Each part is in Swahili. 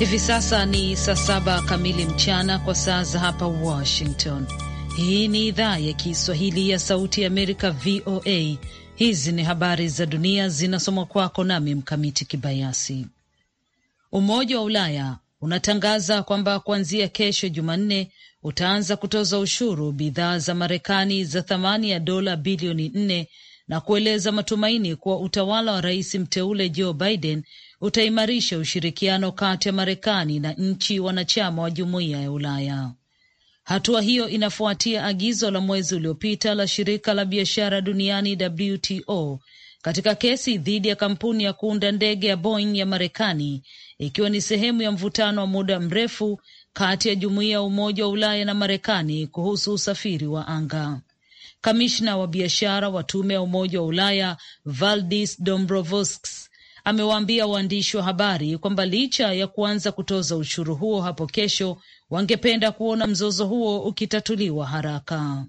Hivi sasa ni saa saba kamili mchana kwa saa za hapa Washington. Hii ni idhaa ya Kiswahili ya Sauti ya Amerika, VOA. Hizi ni habari za dunia zinasomwa kwako nami Mkamiti Kibayasi. Umoja wa Ulaya unatangaza kwamba kuanzia kesho Jumanne utaanza kutoza ushuru bidhaa za Marekani za thamani ya dola bilioni nne na kueleza matumaini kuwa utawala wa rais mteule Joe Biden utaimarisha ushirikiano kati ya Marekani na nchi wanachama wa jumuiya ya Ulaya. Hatua hiyo inafuatia agizo la mwezi uliopita la shirika la biashara duniani WTO katika kesi dhidi ya kampuni ya kuunda ndege ya Boeing ya Marekani, ikiwa ni sehemu ya mvutano wa muda mrefu kati ya jumuiya ya Umoja wa Ulaya na Marekani kuhusu usafiri wa anga. Kamishna wa biashara wa tume ya Umoja wa Ulaya Valdis Dombrovskis amewaambia waandishi wa habari kwamba licha ya kuanza kutoza ushuru huo hapo kesho, wangependa kuona mzozo huo ukitatuliwa haraka.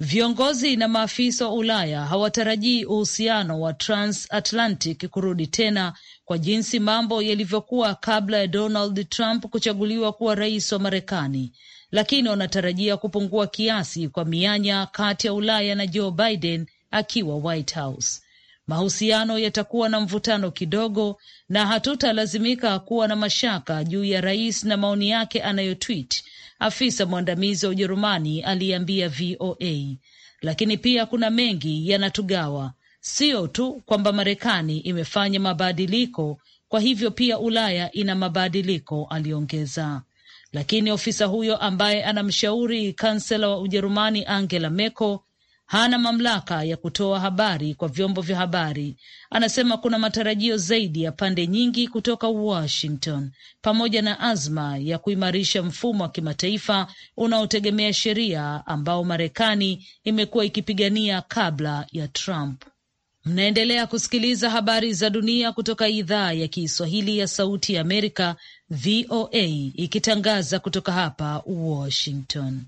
Viongozi na maafisa wa Ulaya hawatarajii uhusiano wa transatlantic kurudi tena kwa jinsi mambo yalivyokuwa kabla ya Donald Trump kuchaguliwa kuwa rais wa Marekani, lakini wanatarajia kupungua kiasi kwa mianya kati ya Ulaya na Joe Biden akiwa White House mahusiano yatakuwa na mvutano kidogo, na hatutalazimika kuwa na mashaka juu ya rais na maoni yake anayotwit, afisa mwandamizi wa Ujerumani aliyeambia VOA. Lakini pia kuna mengi yanatugawa, sio tu kwamba Marekani imefanya mabadiliko, kwa hivyo pia Ulaya ina mabadiliko, aliongeza. Lakini ofisa huyo ambaye anamshauri kansela wa Ujerumani Angela Merkel hana mamlaka ya kutoa habari kwa vyombo vya habari. Anasema kuna matarajio zaidi ya pande nyingi kutoka Washington, pamoja na azma ya kuimarisha mfumo wa kimataifa unaotegemea sheria ambao Marekani imekuwa ikipigania kabla ya Trump. Mnaendelea kusikiliza habari za dunia kutoka idhaa ya Kiswahili ya Sauti ya Amerika, VOA, ikitangaza kutoka hapa Washington.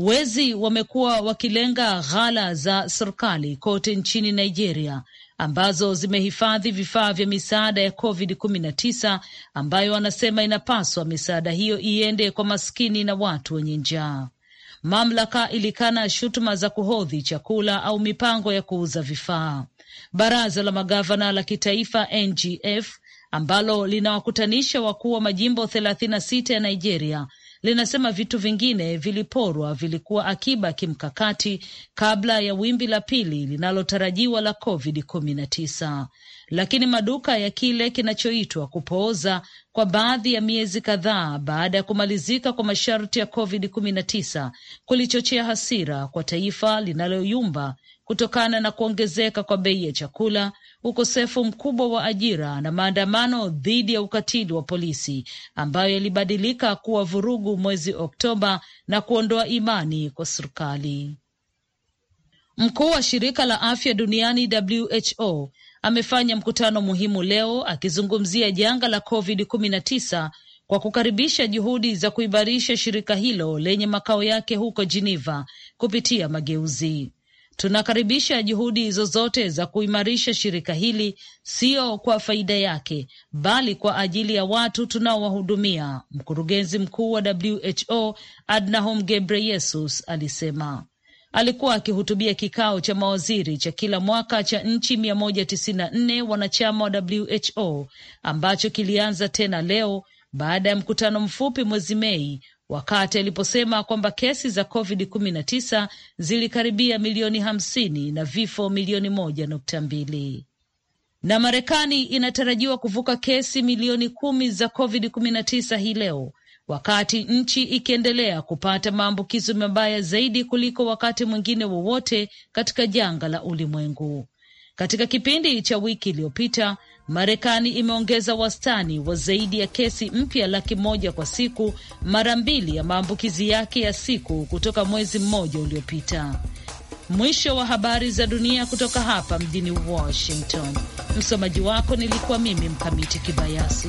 Wezi wamekuwa wakilenga ghala za serikali kote nchini Nigeria ambazo zimehifadhi vifaa vya misaada ya COVID-19 ambayo wanasema inapaswa misaada hiyo iende kwa maskini na watu wenye njaa. Mamlaka ilikana shutuma za kuhodhi chakula au mipango ya kuuza vifaa. Baraza la magavana la kitaifa NGF ambalo linawakutanisha wakuu wa majimbo 36 ya Nigeria linasema vitu vingine viliporwa vilikuwa akiba kimkakati kabla ya wimbi la pili linalotarajiwa la COVID-19, lakini maduka ya kile kinachoitwa kupooza kwa baadhi ya miezi kadhaa baada ya kumalizika kwa masharti ya COVID-19 kulichochea hasira kwa taifa linaloyumba kutokana na kuongezeka kwa bei ya chakula, ukosefu mkubwa wa ajira na maandamano dhidi ya ukatili wa polisi ambayo yalibadilika kuwa vurugu mwezi Oktoba na kuondoa imani kwa serikali. Mkuu wa shirika la afya duniani WHO amefanya mkutano muhimu leo akizungumzia janga la COVID-19 kwa kukaribisha juhudi za kuimarisha shirika hilo lenye makao yake huko Geneva kupitia mageuzi. Tunakaribisha juhudi zozote za kuimarisha shirika hili, sio kwa faida yake, bali kwa ajili ya watu tunaowahudumia, mkurugenzi mkuu wa WHO Adnahom Gebreyesus alisema. Alikuwa akihutubia kikao cha mawaziri cha kila mwaka cha nchi 194 wanachama wa WHO ambacho kilianza tena leo baada ya mkutano mfupi mwezi Mei wakati aliposema kwamba kesi za COVID-19 zilikaribia milioni hamsini na vifo milioni moja nukta mbili na Marekani inatarajiwa kuvuka kesi milioni kumi za COVID-19 hii leo, wakati nchi ikiendelea kupata maambukizo mabaya zaidi kuliko wakati mwingine wowote katika janga la ulimwengu. Katika kipindi cha wiki iliyopita, Marekani imeongeza wastani wa zaidi ya kesi mpya laki moja kwa siku, mara mbili ya maambukizi yake ya siku kutoka mwezi mmoja uliopita. Mwisho wa habari za dunia kutoka hapa mjini Washington. Msomaji wako nilikuwa mimi Mkamiti Kibayasi.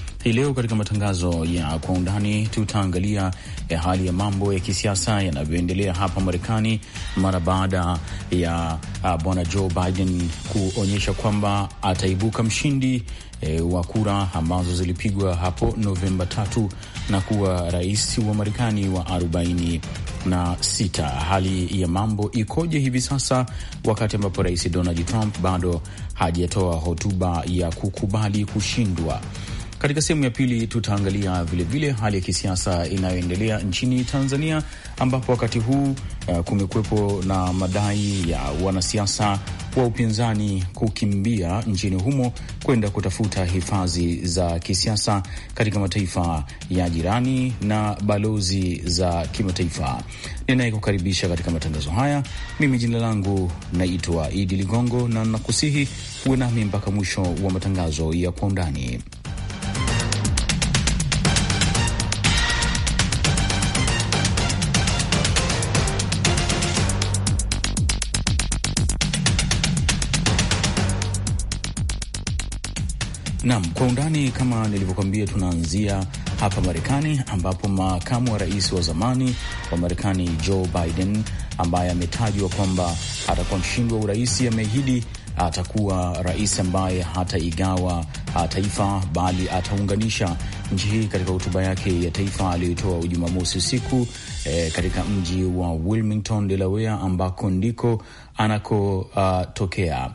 Hii leo katika matangazo ya kwa undani tutaangalia ya eh, hali ya mambo ya kisiasa yanavyoendelea hapa Marekani mara baada ya uh, bwana Joe Biden kuonyesha kwamba ataibuka mshindi e, wa kura ambazo zilipigwa hapo Novemba tatu na kuwa rais wa Marekani wa arobaini na sita. Hali ya mambo ikoje hivi sasa, wakati ambapo rais Donald Trump bado hajatoa hotuba ya kukubali kushindwa katika sehemu ya pili tutaangalia vilevile hali ya kisiasa inayoendelea nchini Tanzania, ambapo wakati huu uh, kumekuwepo na madai ya wanasiasa wa upinzani kukimbia nchini humo kwenda kutafuta hifadhi za kisiasa katika mataifa ya jirani na balozi za kimataifa. Ninayekukaribisha katika matangazo haya mimi, jina langu naitwa Idi Ligongo, na nakusihi uwe nami mpaka mwisho wa matangazo ya kwa undani. Naam, kwa undani kama nilivyokuambia, tunaanzia hapa Marekani ambapo makamu wa rais wa zamani wa Marekani Joe Biden ambaye ametajwa kwamba atakuwa mshindi wa urais ameahidi atakuwa rais ambaye hataigawa ah, taifa bali ataunganisha nchi hii. Katika hotuba yake ya taifa aliyoitoa Jumamosi usiku e, katika mji wa Wilmington, Delaware, ambako ndiko anakotokea uh,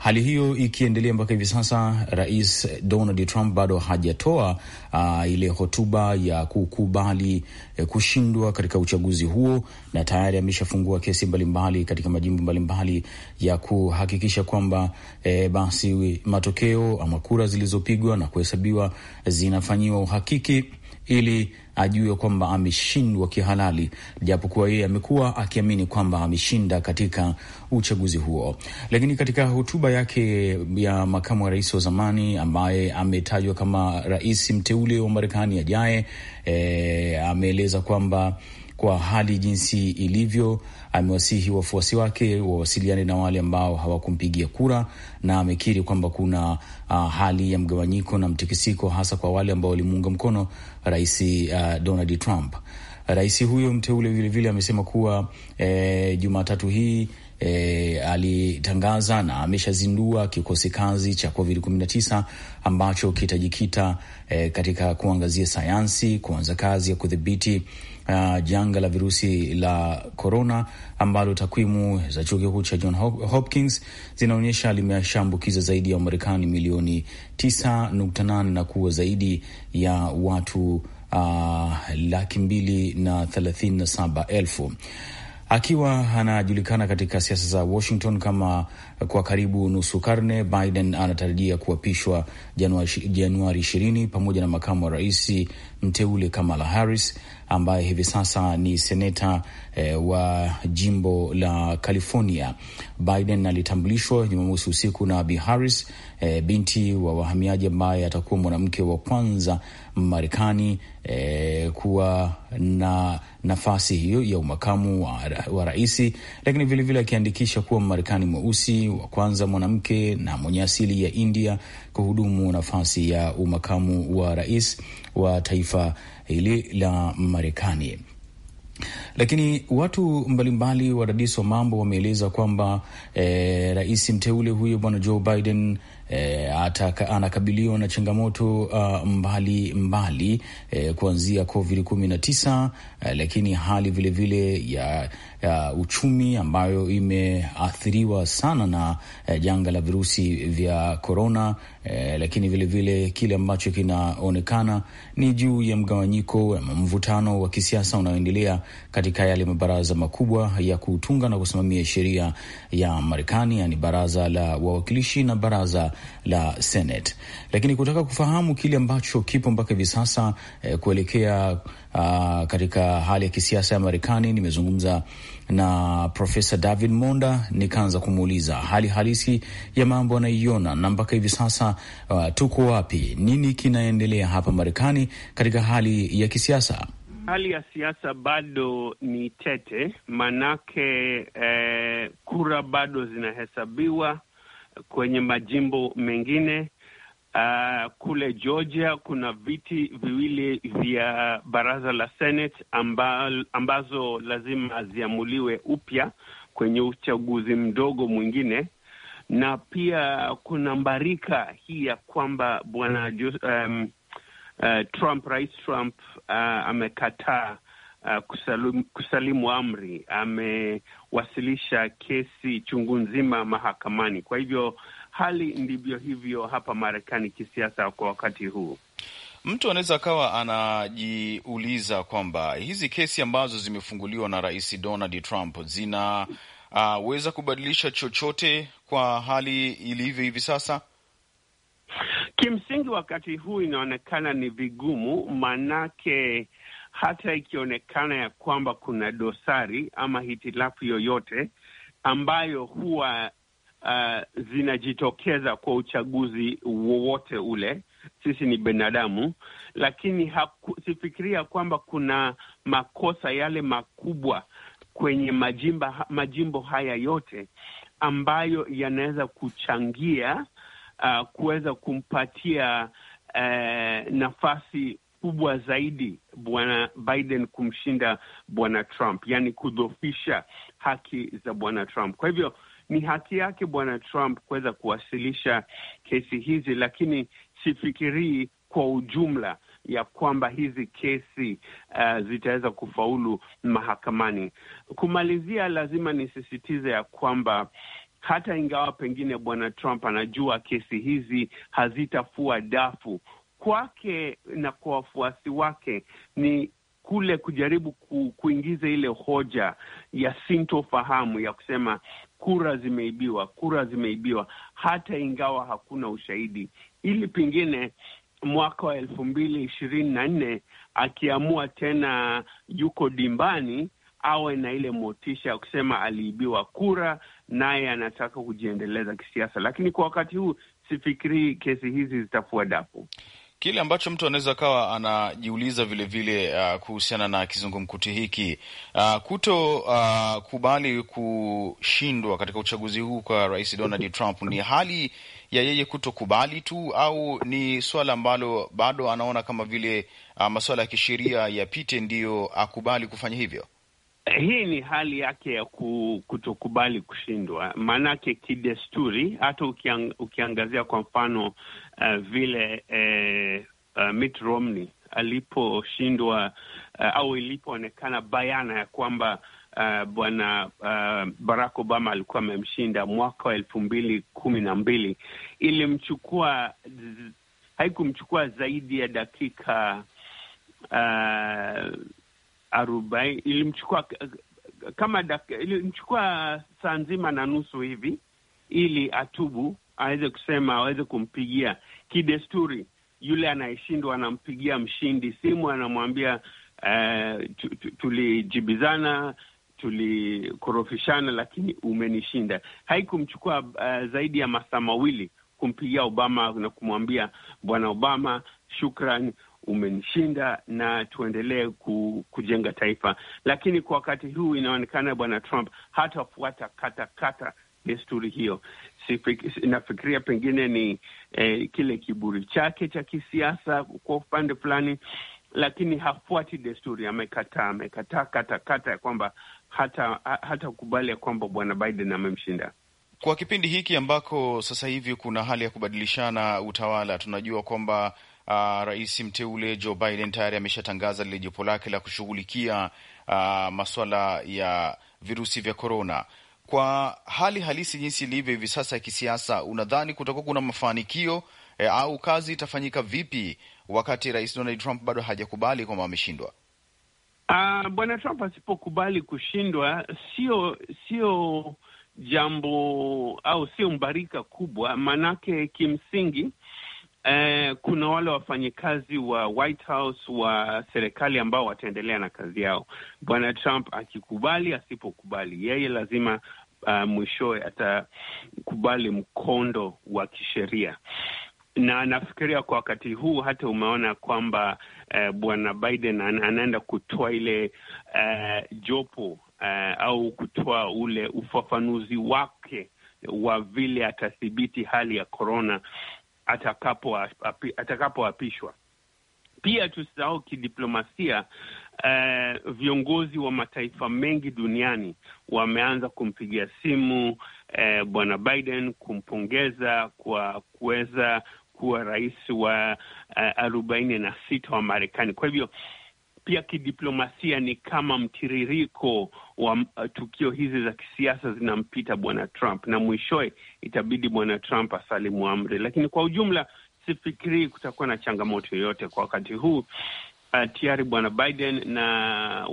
Hali hiyo ikiendelea mpaka hivi sasa, Rais Donald Trump bado hajatoa uh, ile hotuba ya kukubali eh, kushindwa katika uchaguzi huo, na tayari ameshafungua kesi mbalimbali katika majimbo mbalimbali ya kuhakikisha kwamba eh, basi matokeo ama kura zilizopigwa na kuhesabiwa zinafanyiwa uhakiki ili ajue kwamba ameshindwa kihalali, japokuwa yeye amekuwa akiamini kwamba ameshinda katika uchaguzi huo. Lakini katika hotuba yake ya makamu wa rais wa zamani ambaye ametajwa kama rais mteule wa Marekani ajaye, e, ameeleza kwamba kwa hali jinsi ilivyo. Amewasihi wafuasi wake wawasiliane na wale ambao hawakumpigia kura, na amekiri kwamba kuna uh, hali ya mgawanyiko na mtikisiko, hasa kwa wale ambao walimuunga mkono rais uh, Donald Trump. Rais huyo mteule vilevile amesema kuwa eh, Jumatatu hii E, alitangaza na ameshazindua kikosi kazi cha Covid 19 ambacho kitajikita e, katika kuangazia sayansi, kuanza kazi ya kudhibiti uh, janga la virusi la korona ambalo takwimu za chuo kikuu cha John Hopkins zinaonyesha limeshaambukiza zaidi ya Wamarekani milioni 9.8 na kuwa zaidi ya watu uh, laki mbili na thelathini na saba elfu akiwa anajulikana katika siasa za Washington kama kwa karibu nusu karne. Biden anatarajia kuapishwa Januari ishirini pamoja na makamu wa rais mteule Kamala Harris ambaye hivi sasa ni seneta eh, wa jimbo la California Biden alitambulishwa Jumamosi usiku na Bi Harris e, binti wa wahamiaji ambaye atakuwa mwanamke wa kwanza Marekani e, kuwa na nafasi hiyo ya umakamu wa, wa raisi, lakini vilevile akiandikisha kuwa marekani mweusi wa kwanza mwanamke na mwenye asili ya India kuhudumu nafasi ya umakamu wa rais wa taifa hili la Marekani. Lakini watu mbalimbali wadadisi wa mambo wameeleza kwamba eh, rais mteule huyo bwana Joe Biden e, anakabiliwa na changamoto uh, mbali mbali e, kuanzia COVID 19 e, lakini hali vilevile vile ya, ya uchumi ambayo imeathiriwa sana na e, janga la virusi vya korona e, lakini vilevile vile kile ambacho kinaonekana ni juu ya mgawanyiko ama mvutano wa kisiasa unaoendelea katika yale mabaraza makubwa ya kutunga na kusimamia sheria ya Marekani, yani baraza la wawakilishi na baraza la Senate. Lakini kutaka kufahamu kile ambacho kipo mpaka hivi sasa eh, kuelekea uh, katika hali ya kisiasa ya Marekani, nimezungumza na Profesa David Monda nikaanza kumuuliza hali halisi ya mambo anaiona na mpaka hivi sasa uh, tuko wapi, nini kinaendelea hapa Marekani katika hali ya kisiasa. Hali ya siasa bado ni tete, manake eh, kura bado zinahesabiwa kwenye majimbo mengine. Uh, kule Georgia kuna viti viwili vya baraza la Senate amba, ambazo lazima ziamuliwe upya kwenye uchaguzi mdogo mwingine, na pia kuna mbarika hii ya kwamba bwana um, uh, Trump, Rais Trump uh, amekataa Uh, kusalimu amri, amewasilisha kesi chungu nzima mahakamani. Kwa hivyo hali ndivyo hivyo hapa Marekani kisiasa kwa wakati huu. Mtu anaweza akawa anajiuliza kwamba hizi kesi ambazo zimefunguliwa na Rais Donald Trump zinaweza uh, kubadilisha chochote kwa hali ilivyo hivi sasa. Kimsingi wakati huu inaonekana ni vigumu, manake hata ikionekana ya kwamba kuna dosari ama hitilafu yoyote ambayo huwa uh, zinajitokeza kwa uchaguzi wowote ule. Sisi ni binadamu, lakini haku, sifikiria kwamba kuna makosa yale makubwa kwenye majimba, majimbo haya yote ambayo yanaweza kuchangia uh, kuweza kumpatia uh, nafasi kubwa zaidi bwana Biden kumshinda bwana Trump, yaani kudhofisha haki za bwana Trump. Kwa hivyo ni haki yake bwana Trump kuweza kuwasilisha kesi hizi, lakini sifikirii kwa ujumla ya kwamba hizi kesi uh, zitaweza kufaulu mahakamani. Kumalizia, lazima nisisitize ya kwamba hata ingawa pengine bwana Trump anajua kesi hizi hazitafua dafu kwake na kwa wafuasi wake ni kule kujaribu ku, kuingiza ile hoja ya sintofahamu ya kusema kura zimeibiwa, kura zimeibiwa, hata ingawa hakuna ushahidi, ili pengine mwaka wa elfu mbili ishirini na nne akiamua tena yuko dimbani awe na ile motisha ya kusema aliibiwa kura, naye anataka kujiendeleza kisiasa. Lakini kwa wakati huu sifikirii kesi hizi zitafua dafu. Kile ambacho mtu anaweza kawa anajiuliza vilevile uh, kuhusiana na kizungumkuti hiki uh, kuto uh, kubali kushindwa katika uchaguzi huu kwa Rais Donald Trump ni hali ya yeye kutokubali tu au ni swala ambalo bado anaona kama vile uh, masuala ya kisheria yapite ndiyo akubali kufanya hivyo? Hii ni hali yake ya kutokubali kushindwa, maanake kidesturi, hata ukiang, ukiangazia kwa mfano uh, vile uh, uh, Mitt Romney aliposhindwa uh, au ilipoonekana bayana ya kwamba uh, bwana uh, Barack Obama alikuwa amemshinda mwaka wa elfu mbili kumi na mbili, ilimchukua haikumchukua zaidi ya dakika uh, arobaini ilimchukua kama dakika ilimchukua saa nzima na nusu hivi ili atubu aweze kusema aweze kumpigia kidesturi yule anayeshindwa anampigia mshindi simu, anamwambia uh, tulijibizana, tulikorofishana, lakini umenishinda. Haikumchukua uh, zaidi ya masaa mawili kumpigia Obama na kumwambia bwana Obama, shukran, umenishinda na tuendelee ku, kujenga taifa. Lakini kwa wakati huu inaonekana bwana Trump hatafuata katakata desturi hiyo. Nafikiria pengine ni eh, kile kiburi chake cha kisiasa kwa upande fulani, lakini hafuati desturi. Amekataa, amekataa katakata ya kwamba hata hatakubali ya kwamba bwana Biden amemshinda kwa kipindi hiki ambako sasa hivi kuna hali ya kubadilishana utawala. Tunajua kwamba uh, rais mteule Joe Biden tayari ameshatangaza lile jopo lake la kushughulikia uh, maswala ya virusi vya korona. Kwa hali halisi jinsi ilivyo hivi sasa ya kisiasa, unadhani kutakuwa kuna mafanikio eh, au kazi itafanyika vipi wakati rais Donald Trump bado hajakubali kwamba ameshindwa? Uh, bwana Trump asipokubali kushindwa, sio sio jambo au sio mbarika kubwa, maanake kimsingi Eh, kuna wale wafanyikazi wa White House wa serikali ambao wataendelea na kazi yao, bwana Trump akikubali, asipokubali, yeye lazima uh, mwishowe atakubali mkondo wa kisheria na nafikiria kwa wakati huu hata umeona kwamba eh, bwana Biden anaenda kutoa ile eh, jopo eh, au kutoa ule ufafanuzi wake wa vile atathibiti hali ya korona atakapoapishwa. Pia tusisahau kidiplomasia, uh, viongozi wa mataifa mengi duniani wameanza kumpigia simu uh, bwana Biden kumpongeza kwa kuweza kuwa rais wa eh, arobaini na sita wa Marekani. Kwa hivyo pia kidiplomasia ni kama mtiririko wa uh, tukio hizi za kisiasa zinampita bwana Trump na mwishowe itabidi bwana Trump asalimu amri, lakini kwa ujumla sifikirii kutakuwa na changamoto yoyote kwa wakati huu. Uh, tayari bwana Biden na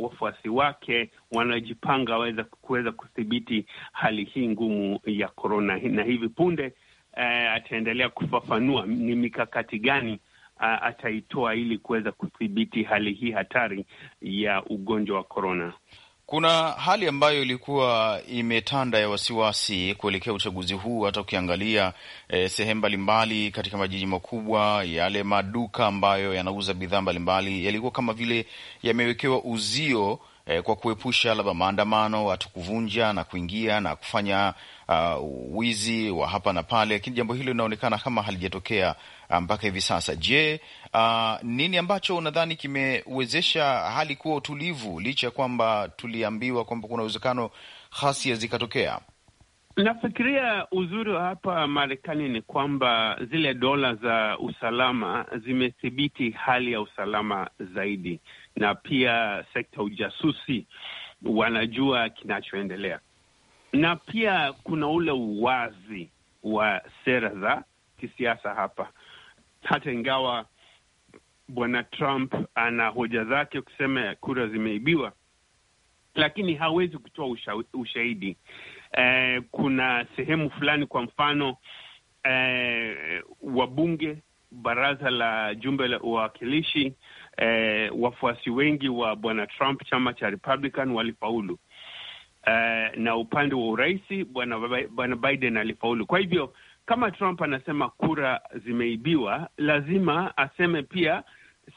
wafuasi wake wanajipanga waweza kuweza kudhibiti hali hii ngumu ya korona, na hivi punde uh, ataendelea kufafanua ni mikakati gani ataitoa ili kuweza kudhibiti hali hii hatari ya ugonjwa wa korona. Kuna hali ambayo ilikuwa imetanda ya wasiwasi kuelekea uchaguzi huu. Hata ukiangalia e, sehemu mbalimbali katika majiji makubwa, yale maduka ambayo yanauza bidhaa mbalimbali yalikuwa kama vile yamewekewa uzio e, kwa kuepusha labda maandamano, watu kuvunja na kuingia na kufanya uh, wizi wa hapa na pale, lakini jambo hilo linaonekana kama halijatokea Ah, mpaka hivi sasa. Je, uh, nini ambacho unadhani kimewezesha hali kuwa utulivu licha ya kwamba tuliambiwa kwamba kuna uwezekano ghasia zikatokea? Nafikiria uzuri wa hapa Marekani ni kwamba zile dola za usalama zimethibiti hali ya usalama zaidi, na pia sekta ujasusi wanajua kinachoendelea, na pia kuna ule uwazi wa sera za kisiasa hapa hata ingawa bwana Trump ana hoja zake kusema kura zimeibiwa, lakini hawezi kutoa usha, ushahidi eh. Kuna sehemu fulani, kwa mfano eh, wabunge baraza la jumbe la uwakilishi eh, wafuasi wengi wa bwana Trump chama cha Republican walifaulu eh, na upande wa urais bwana Biden alifaulu. Kwa hivyo kama Trump anasema kura zimeibiwa, lazima aseme pia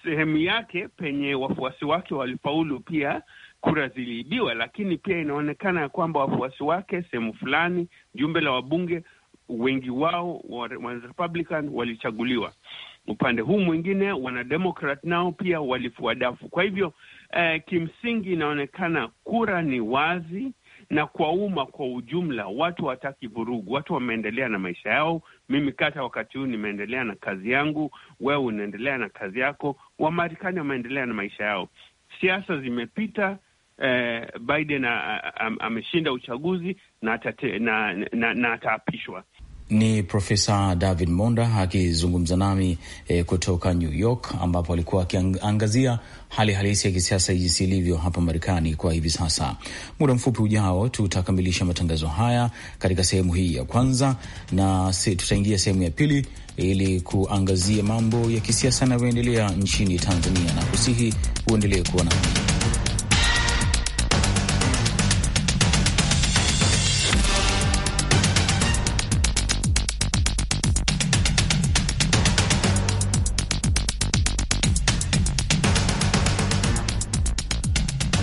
sehemu yake penye wafuasi wake walifaulu pia kura ziliibiwa. Lakini pia inaonekana ya kwamba wafuasi wake sehemu fulani, jumbe la wabunge wengi wao wa Republican walichaguliwa. Upande huu mwingine wanademokrat nao pia walifua dafu. Kwa hivyo eh, kimsingi inaonekana kura ni wazi na kwa umma kwa ujumla, watu hawataki vurugu, watu wameendelea na maisha yao. Mimi kata wakati huu nimeendelea na kazi yangu, wewe unaendelea na kazi yako, Wamarekani wameendelea na maisha yao. Siasa zimepita. Eh, Biden ameshinda uchaguzi na ataapishwa na, na, ni Profesa David Monda akizungumza nami e, kutoka New York ambapo alikuwa akiangazia hali halisi ya kisiasa jinsi ilivyo hapa Marekani kwa hivi sasa. Muda mfupi ujao tutakamilisha matangazo haya katika sehemu hii ya kwanza, na se, tutaingia sehemu ya pili ili kuangazia mambo ya kisiasa yanavyoendelea nchini Tanzania, na kusihi uendelee kuwa nami.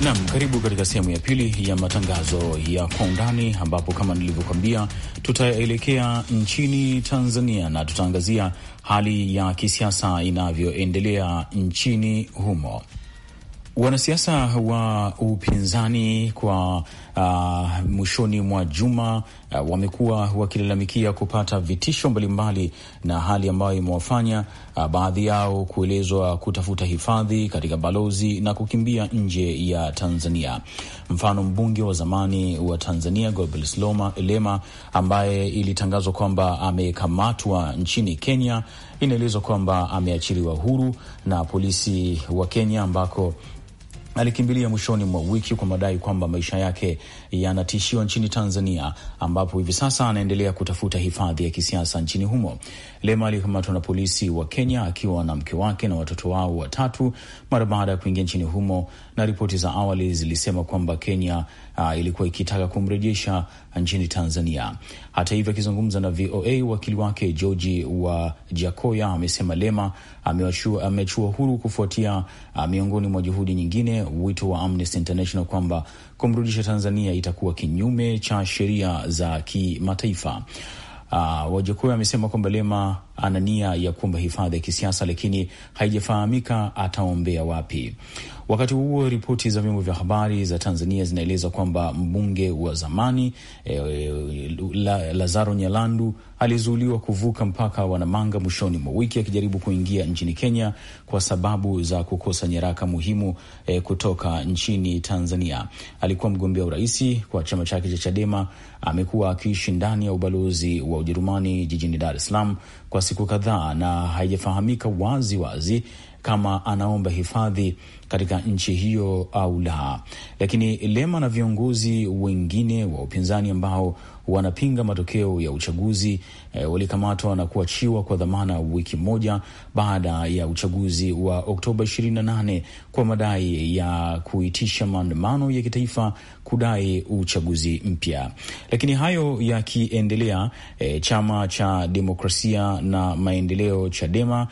Nam, karibu katika sehemu ya pili ya matangazo ya kwa undani, ambapo kama nilivyokwambia tutaelekea nchini Tanzania na tutaangazia hali ya kisiasa inavyoendelea nchini humo. Wanasiasa wa upinzani kwa uh, mwishoni mwa juma uh, wamekuwa wakilalamikia kupata vitisho mbalimbali na hali ambayo imewafanya uh, baadhi yao kuelezwa kutafuta hifadhi katika balozi na kukimbia nje ya Tanzania. Mfano, mbunge wa zamani wa Tanzania Godbless Lema ambaye ilitangazwa kwamba amekamatwa nchini Kenya, inaelezwa kwamba ameachiliwa huru na polisi wa Kenya ambako alikimbilia mwishoni mwa wiki kwa madai kwamba maisha yake yanatishiwa nchini Tanzania, ambapo hivi sasa anaendelea kutafuta hifadhi ya kisiasa nchini humo. Lema alikamatwa na polisi wa Kenya akiwa na mke wake na watoto wao watatu mara baada ya kuingia nchini humo na ripoti za awali zilisema kwamba Kenya uh, ilikuwa ikitaka kumrejesha nchini Tanzania. Hata hivyo, akizungumza na VOA, wakili wake Georgi wa Jakoya amesema Lema ameachua huru kufuatia uh, miongoni mwa juhudi nyingine, wito wa Amnesty International kwamba kumrudisha Tanzania itakuwa kinyume cha sheria za kimataifa. Uh, Wajakoya amesema kwamba Lema ana nia ya kuomba hifadhi ya kisiasa, lakini haijafahamika ataombea wapi. Wakati huo ripoti za vyombo vya habari za Tanzania zinaeleza kwamba mbunge wa zamani e, la, Lazaro Nyalandu alizuiliwa kuvuka mpaka wa Namanga mwishoni mwa wiki akijaribu kuingia nchini Kenya kwa sababu za kukosa nyaraka muhimu e, kutoka nchini Tanzania. Alikuwa mgombea uraisi kwa chama chake cha Chadema. Amekuwa akiishi ndani ya ubalozi wa Ujerumani jijini Dar es Salaam kwa siku kadhaa na haijafahamika wazi wazi kama anaomba hifadhi katika nchi hiyo au la. Lakini Lema na viongozi wengine wa upinzani ambao wanapinga matokeo ya uchaguzi e, walikamatwa na kuachiwa kwa dhamana wiki moja baada ya uchaguzi wa Oktoba 28 kwa madai ya kuitisha maandamano ya kitaifa kudai uchaguzi mpya. Lakini hayo yakiendelea, e, chama cha demokrasia na maendeleo Chadema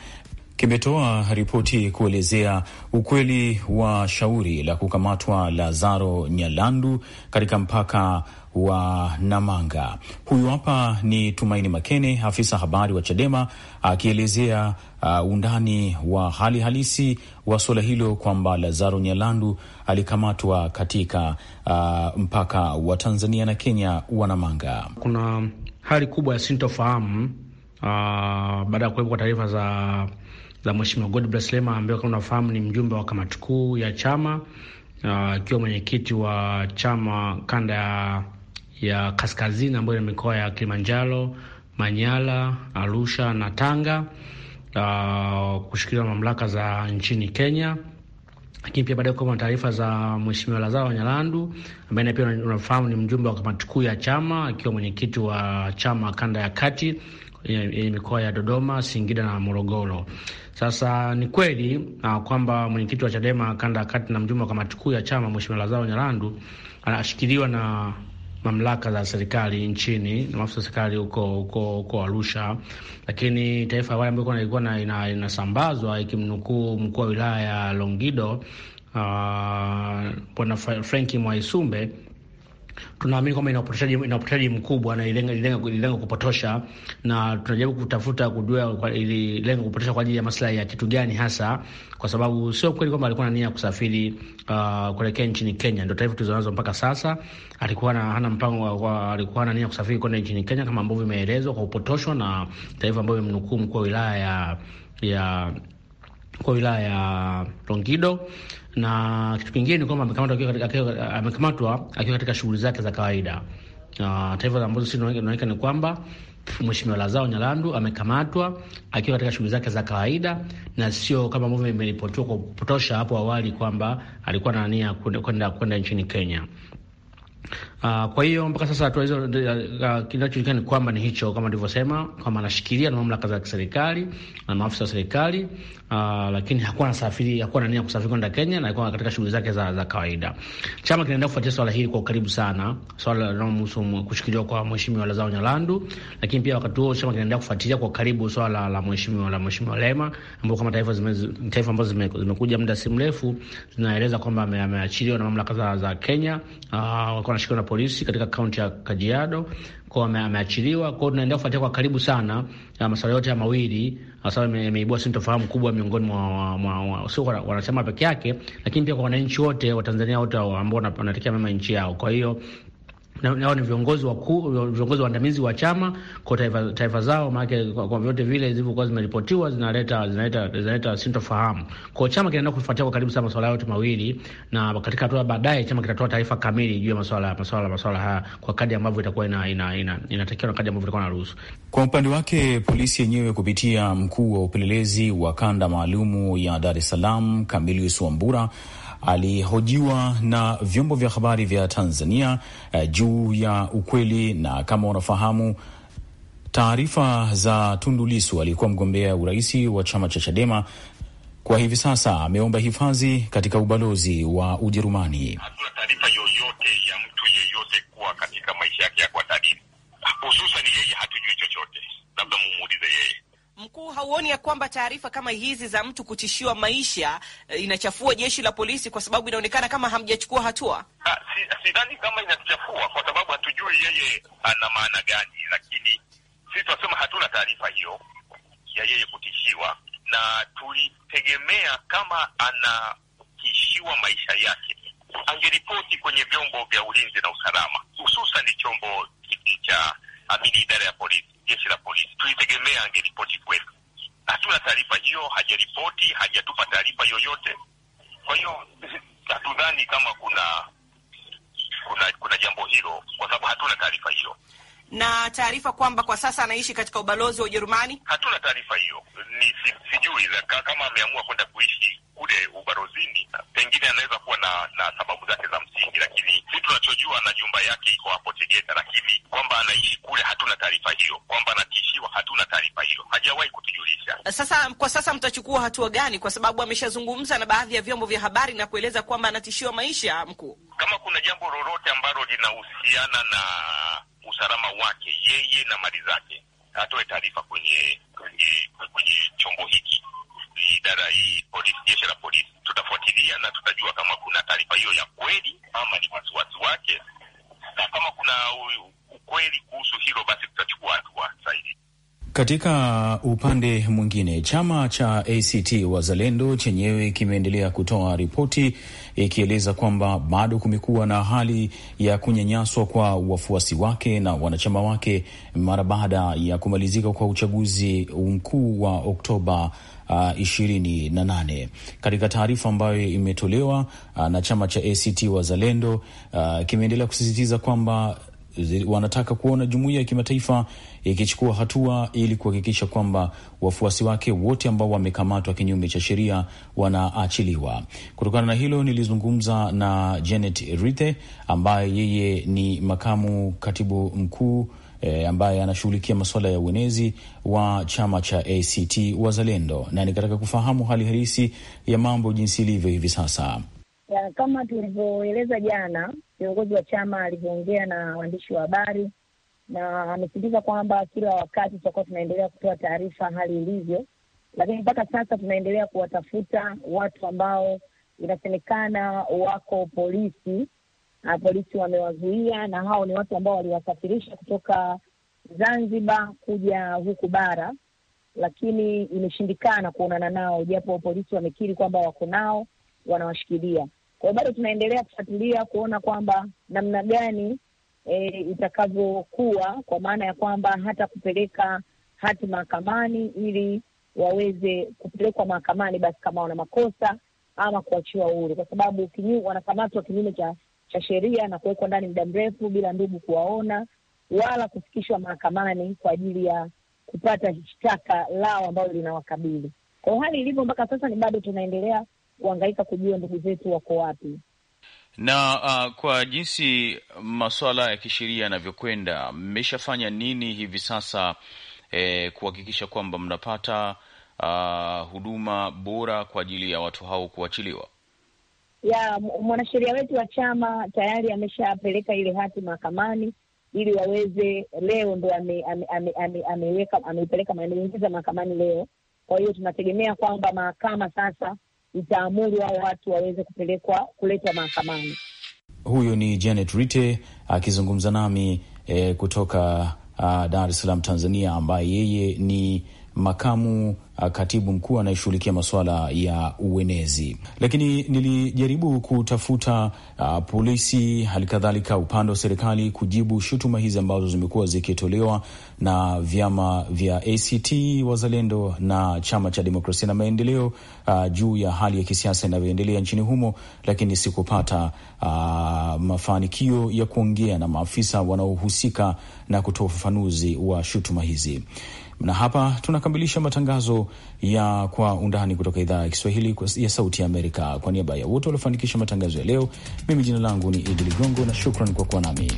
kimetoa ripoti kuelezea ukweli wa shauri la kukamatwa Lazaro Nyalandu katika mpaka wa Namanga. Huyu hapa ni Tumaini Makene, afisa habari wa Chadema, akielezea uh, undani wa hali halisi wa suala hilo kwamba Lazaro Nyalandu alikamatwa katika uh, mpaka wa Tanzania na Kenya wa Namanga. Kuna hali kubwa ya sintofahamu uh, baada ya kuwepo kwa taarifa za za Mheshimiwa Godbless Lema ambaye kama unafahamu ni mjumbe wa kamati kuu ya chama akiwa uh, mwenyekiti wa chama kanda ya, ya kaskazini ambayo ina mikoa ya Kilimanjaro, Manyara, Arusha na Tanga uh, kushikilia mamlaka za nchini Kenya lakini pia baadaye kuwa taarifa za Mheshimiwa Lazaro Nyalandu ambaye naye pia unafahamu ni mjumbe wa kamati kuu ya chama akiwa mwenyekiti wa chama kanda ya kati yenye mikoa ya Dodoma, Singida na Morogoro. Sasa ni kweli ah, kwamba mwenyekiti wa Chadema kanda ya kati na mjumbe wa kamati kuu ya chama Mheshimiwa Lazaro Nyarandu anashikiliwa na mamlaka za serikali nchini na maafisa serikali huko huko huko Arusha, lakini Taifa wale ambayo ilikuwa ina, inasambazwa ikimnukuu mkuu wa wilaya ya Longido uh, Bwana Frenki Mwaisumbe tunaamini kwamba ina upotoshaji ina upotoshaji mkubwa na ilenga ilenga ilenga kupotosha, na tunajaribu kutafuta kujua ililenga kupotosha kwa ajili ya maslahi ya kitu gani hasa, kwa sababu sio kweli kwamba alikuwa na nia ya kusafiri uh, kuelekea nchini Kenya. Ndio taarifa tulizonazo mpaka sasa. Alikuwa na hana mpango, wa, alikuwa na nia ya kusafiri kwenda nchini Kenya kama ambavyo imeelezwa kwa upotoshwa na taarifa ambayo imemnukuu mkuu wa wilaya ya, ya kwa wilaya ya Longido na kitu kingine ni kwamba amekamatwa akiwa katika shughuli zake za kawaida. Uh, taarifa ambazo sisi tunaoneka ni kwamba Mheshimiwa Lazao Nyalandu amekamatwa akiwa katika shughuli zake za kawaida, na sio kama ambavyo imeripotiwa kwa kutosha hapo awali kwamba alikuwa na nia kwenda kwenda nchini Kenya. Uh, kwa hiyo mpaka sasa hatua hizo, uh, uh, eh, kinachojulikana ni kwamba ni hicho, kama nilivyosema, kwamba anashikilia na mamlaka za kiserikali na maafisa wa serikali uh, lakini hakuwa nasafiri hakuwa na nia kusafiri kwenda Kenya na alikuwa katika shughuli zake za, za kawaida. Chama kinaendelea kufuatia swala hili kwa ukaribu sana, swala linalomhusu kushikiliwa kwa mheshimiwa Lazaro Nyalandu, lakini pia wakati huo chama kinaendelea kufuatilia kwa karibu swala la mheshimiwa la mheshimiwa Lema, ambapo kama taifa zime, taifa ambazo zimekuja muda si mrefu zinaeleza kwamba ameachiliwa na mamlaka za, za Kenya. Uh, ah, walikuwa wanashikiliwa na polisi katika kaunti ya Kajiado kwao ameachiliwa. Kwao tunaendelea kufuatia kwa karibu sana masuala yote ya mawili ambayo yameibua sintofahamu kubwa miongoni mwa sio wanachama peke yake, lakini pia kwa wananchi wote wa Tanzania wote ambao wanatekea mema nchi yao. Kwa hiyo nao ni viongozi wakuu, viongozi waandamizi wa chama kwa taifa, taifa zao, maanake kwa vyote vile zilivyokuwa zimeripotiwa zinaleta zinaleta zinaleta sintofahamu Kwa Chama kinaenda kufuatia kwa karibu sana masuala yote mawili, na katika hatua baadaye chama kitatoa taarifa kamili juu ya masuala masuala masuala haya kwa kadi ambavyo itakuwa ina, ina, ina, inatakiwa na kadi ambavyo itakuwa inaruhusu. Kwa upande wake polisi yenyewe kupitia mkuu wa upelelezi wa kanda maalumu ya Dar es Salaam Camilius Wambura alihojiwa na vyombo vya habari vya Tanzania uh, juu ya ukweli na kama unafahamu taarifa za Tundu Lissu aliyekuwa mgombea urais wa chama cha Chadema kwa hivi sasa ameomba hifadhi katika ubalozi wa Ujerumani. Hatuna taarifa yoyote ya mtu yeyote kuwa katika maisha yake ya kuwa hususan yeye, hatujui chochote, labda mumuulize yeye. Mkuu, hauoni ya kwamba taarifa kama hizi za mtu kutishiwa maisha eh, inachafua jeshi la polisi, kwa sababu inaonekana kama hamjachukua hatua? Ha, ah, sidhani si kama inachafua, kwa sababu hatujui yeye ana maana gani, lakini sisi tunasema hatuna taarifa hiyo ya yeye kutishiwa, na tulitegemea kama anatishiwa maisha yake angeripoti kwenye vyombo vya ulinzi na usalama, hususan ni chombo kiti cha amini, idara ya polisi jeshi la polisi. Tulitegemea angeripoti kwetu, hatuna taarifa hiyo, hajaripoti, hajatupa taarifa yoyote. Kwa hiyo hatudhani kama kuna kuna kuna jambo hilo, kwa sababu hatuna taarifa hiyo na taarifa kwamba kwa sasa anaishi katika ubalozi wa Ujerumani? Hatuna taarifa hiyo, ni sijui kama ameamua kwenda kuishi kule ubalozini, pengine anaweza kuwa na, na sababu zake za msingi, lakini si tunachojua, na nyumba yake iko hapo Tegeta, lakini kwamba anaishi kule hatuna taarifa hiyo, kwamba anatishiwa hatuna taarifa hiyo, hajawahi kutujulisha. Sasa kwa sasa mtachukua hatua gani? Kwa sababu ameshazungumza na baadhi ya vyombo vya habari na kueleza kwamba anatishiwa maisha. Mkuu, kama kuna jambo lolote ambalo linahusiana na usalama wake yeye na mali zake, atoe taarifa kwenye kwenye kwenye chombo hiki, idara hii polisi, jeshi la polisi. Tutafuatilia na tutajua kama kuna taarifa hiyo ya kweli ama ni wasiwasi wake, na kama kuna ukweli kuhusu hilo, basi tutachukua hatua zaidi. Katika upande mwingine, chama cha ACT Wazalendo chenyewe kimeendelea kutoa ripoti ikieleza kwamba bado kumekuwa na hali ya kunyanyaswa kwa wafuasi wake na wanachama wake mara baada ya kumalizika kwa uchaguzi mkuu wa Oktoba Uh, na nane. Katika taarifa ambayo imetolewa uh, na chama cha ACT Wazalendo uh, kimeendelea kusisitiza kwamba wanataka kuona jumuiya ya kimataifa ikichukua hatua ili kuhakikisha kwamba wafuasi wake wote ambao wamekamatwa kinyume cha sheria wanaachiliwa. Kutokana na hilo, nilizungumza na Janet Rithe ambaye yeye ni makamu katibu mkuu E, ambaye anashughulikia masuala ya uenezi wa chama cha ACT Wazalendo, na nikataka kufahamu hali halisi ya mambo jinsi ilivyo hivi sasa. Ya, kama tulivyoeleza jana Kiongozi wa chama alivyoongea na waandishi wa habari na amesindika kwamba kila wakati tutakuwa tunaendelea kutoa taarifa hali ilivyo, lakini mpaka sasa tunaendelea kuwatafuta watu ambao inasemekana wako polisi. na polisi wamewazuia, na hao ni watu ambao waliwasafirisha kutoka Zanzibar kuja huku bara, lakini imeshindikana kuonana nao, japo polisi wamekiri kwamba wako nao, wanawashikilia kwao bado tunaendelea kufuatilia kuona kwamba namna gani e, itakavyokuwa kwa maana ya kwamba hata kupeleka hati mahakamani ili waweze kupelekwa mahakamani basi kama wana makosa ama kuachiwa uhuru, kwa sababu wanakamatwa kinyume cha, cha sheria na kuwekwa ndani muda mrefu bila ndugu kuwaona wala kufikishwa mahakamani kwa ajili ya kupata shtaka lao ambalo linawakabili. Kwa hali ilivyo mpaka sasa ni bado tunaendelea kuhangaika kujua ndugu zetu wako wapi na uh, kwa jinsi masuala ya kisheria yanavyokwenda, mmeshafanya nini hivi sasa eh, kuhakikisha kwamba mnapata uh, huduma bora kwa ajili ya watu hao kuachiliwa? Ya mwanasheria wetu wa chama tayari ameshapeleka ile hati mahakamani ili waweze, leo ndo ame, ameipeleka ameingiza mahakamani leo. Kwa hiyo tunategemea kwamba mahakama sasa itaamuru hao watu waweze kupelekwa kuletwa mahakamani. Huyo ni Janet Rite akizungumza nami e, kutoka uh, Dar es Salaam, Tanzania, ambaye yeye ni makamu uh, katibu mkuu anayeshughulikia masuala ya uenezi. Lakini nilijaribu kutafuta uh, polisi, hali kadhalika upande wa serikali kujibu shutuma hizi ambazo zimekuwa zikitolewa na vyama vya ACT Wazalendo na chama cha demokrasia na maendeleo uh, juu ya hali ya kisiasa inavyoendelea nchini humo, lakini sikupata uh, mafanikio ya kuongea na maafisa wanaohusika na kutoa ufafanuzi wa shutuma hizi. Na hapa tunakamilisha matangazo ya Kwa Undani kutoka idhaa ya Kiswahili ya Sauti ya Amerika. Kwa niaba ya wote waliofanikisha matangazo ya leo, mimi jina langu ni Idi Ligongo na shukran kwa kuwa nami.